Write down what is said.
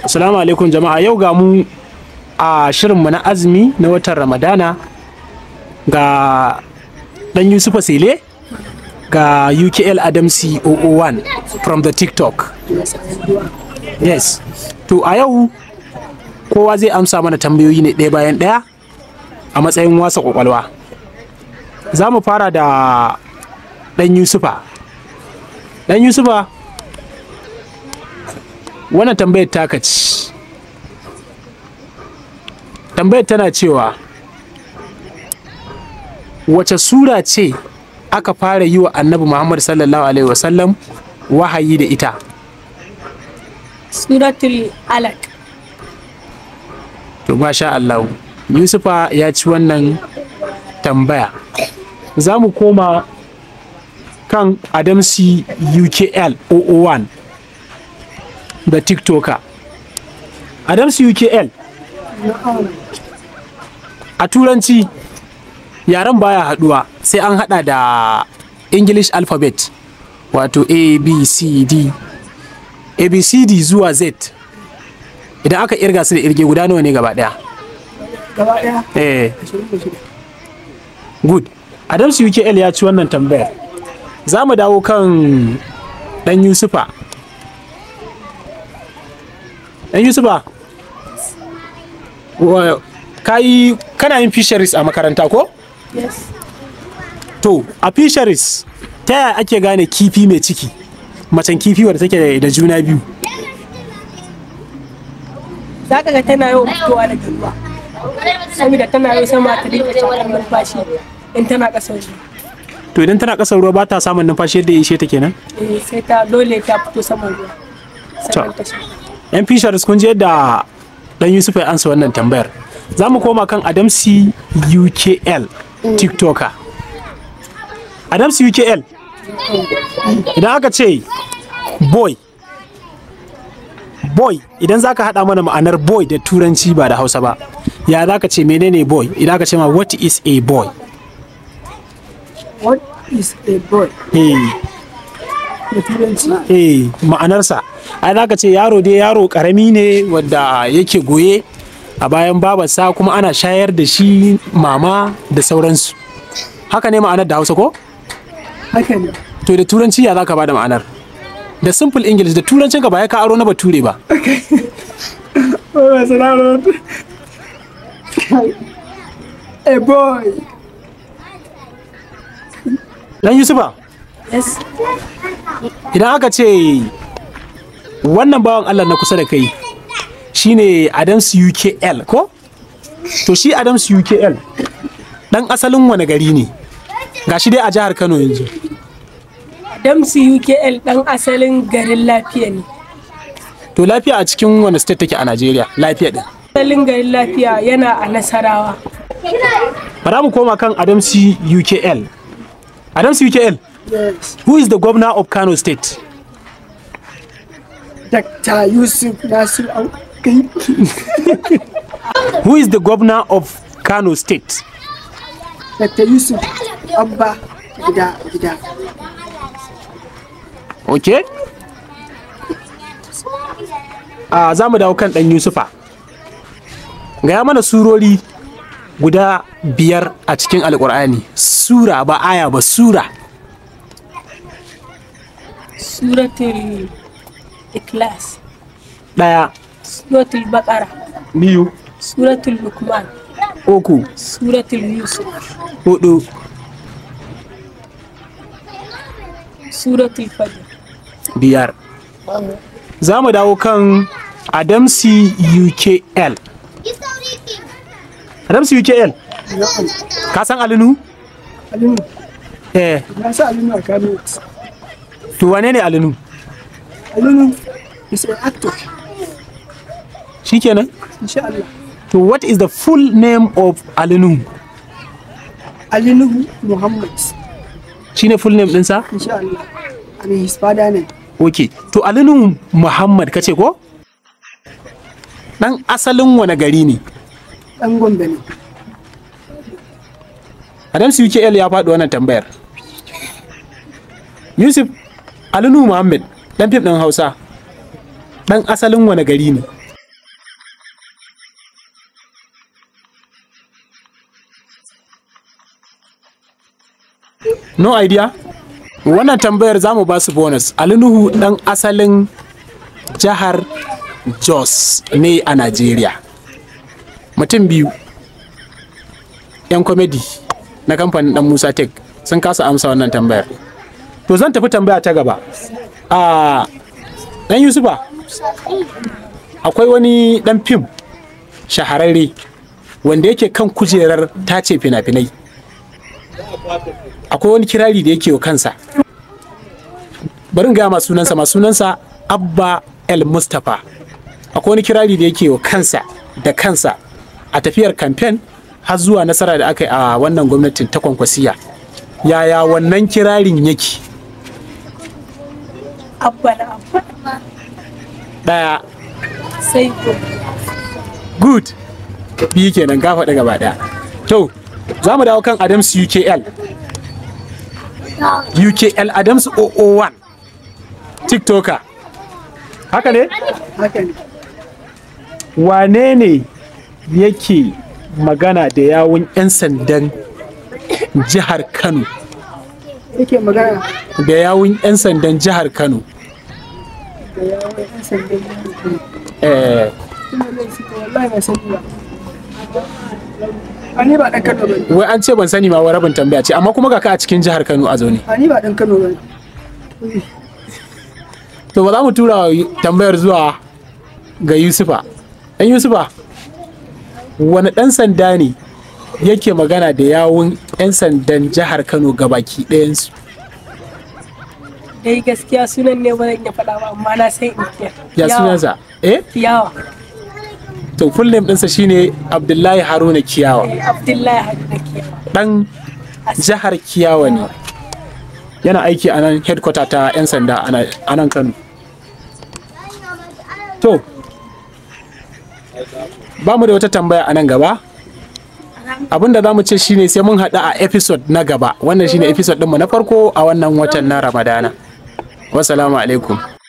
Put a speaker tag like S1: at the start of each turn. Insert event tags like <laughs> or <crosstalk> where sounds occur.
S1: Assalamu alaikum jama'a yau ga mu a shirin mu na azumi na watan Ramadana ga dan Yusufa Sele ga UKL O 1 from the TikTok. Yes. To a yau kowa zai amsa mana tambayoyi ne ɗaya bayan ɗaya a matsayin wasa kwakwalwa. Za mu fara da ɗan Yusufa. Ɗan Yusufa wannan tambayar taka ci. tambayar tana cewa wace sura ce aka fara yi wa annabi muhammad sallallahu alaihi wasallam wahayi da ita suratul alaq to masha Allah yusufa ya ci wannan tambaya za mu koma kan adamsi ukl 001 da tiktoka adams ukl a turanci yaren baya haduwa sai an hada da english alphabet wato a b c d a b c d zuwa z idan aka irga su da irge guda nawa ne gaba daya gaba daya eh good adams ukl ya ci wannan tambayar za mu dawo kan dan yusufa yan yusufa kai kana yin fisheries a makaranta ko to a fisheries ta yaya ake gane kifi mai ciki macen kifi wadda take da juna biyu za ka ga tana yawan fitowa da ruwa saboda tana yawan sama ta rika tsawon numfashi in tana ƙasar ruwa to idan tana ƙasar ruwa ba ta samun numfashi yadda ya ishe ta kenan eh, sai ta dole ta fito saman ruwa yan fishers kun je da dan yusuf ya ansa wannan tambayar za mu koma kan adamsi ukl tiktoker adamsi ukl idan aka ce boy boy idan za ka haɗa mana ma'anar boy da turanci ba da hausa ba ya za ka ce menene boy idan aka ce ma what is a boy what is a boy hey. Eh. Eh, hey. ma'anarsa ai zaka ce yaro dai yaro karami ne wanda yake goye a bayan babarsa kuma ana shayar da shi mama da sauransu haka ne ma'anar da hausa ko haka ne to da turanci ya zaka bada ma'anar da simple english da turancin ka ba ya ka aro na bature ba A boy. Dan Yusufa? Yes. Idan aka ce wannan bawan Allah na kusa da kai shine Adams UKL ko to shi Adams UKL dan asalin wani gari ne gashi dai a jihar Kano yanzu Adams UKL dan asalin garin lafiya ne to lafiya a cikin wani state take a Najeriya lafiya din asalin garin lafiya yana a Nasarawa bara mu koma kan Adams UKL Adams UKL who is the governor of Kano state Dr. Yusuf Nasir <laughs> Who is the governor of Kano State? Dr. Yusuf Abba Gida Gida. Okay. Ah, za mu dawo kan ɗan Yusufa. Gaya mana surori guda biyar a cikin Alƙur'ani sura ba aya ba sura suratul ikhlas daya suratul bakara. biyu suratul Luqman. uku suratul yusuf hudu suratul fajr biyar za mu dawo kan adamsi ukl adamsi ukl ka san alinu alinu eh na san alinu a kano to wane ne alinu Alunu is an actor. Shikenan? Insha Allah. To what is the full name of Alinu? Alinu Muhammad. Shine full name ɗinsa? Insha Allah. And his father ne Okay. To Alinu Muhammad kace ko? Dan asalin wani gari ne? Dan Gombe ne. Adams UKL ya faɗi wannan tambayar. Yusuf Alinu Muhammad dan fim ɗin hausa ɗan asalin wani gari ne no idea wannan tambayar zamu mu ba su bonus alinuhu dan asalin jihar jos ne a najeriya mutum biyu 'yan komedi na kamfanin ɗan musa tech sun kasa amsa wannan tambayar to zan tafi tambaya ta gaba a dan yusufa akwai wani dan fim shahararre wanda yake kan kujerar tace fina-finai akwai wani kirari da yake wa kansa bari in gaya ma sunansa ma sunansa abba el mustapha akwai wani kirari da yake wa kansa da kansa a tafiyar kamfen har zuwa nasara da aka yi a wannan gwamnatin ta kwankwasiya yaya wannan kirarin yake abbal daya sai good biyu kenan ka faɗi gaba daya to za mu dawo kan adams ukl ukl adams 001 tiktoker haka ne wane ne yake magana da yawun 'yan sandan jihar kano yake magana da yawun 'yan sandan jihar kano eh. ba dan Kano Wai an ce ban sani ma wa rabin tambaya ce amma kuma ga ka a cikin jihar Kano a zaune. Ni ba dan Kano bane. To ba za mu tura tambayar zuwa ga Yusufa. Dan Yusufa wani dan sanda ne yake magana da yawun 'yan sandan jihar kano gabaki ɗayansu dai gaskiya sunan ne ba zan iya faɗa ba amma na san inkiya ya sunansa eh kiyawa to full name ɗinsa shine abdullahi haruna kiyawa eh, abdullahi haruna kiyawa dan jihar kiyawa ne yana aiki a nan headquarter ta 'yan sanda a nan kano to ba mu da wata tambaya a nan gaba abin da za mu ce shine sai mun haɗu a episode na gaba wannan shine episode ɗinmu na farko a wannan watan na ramadana wasalamu alaikum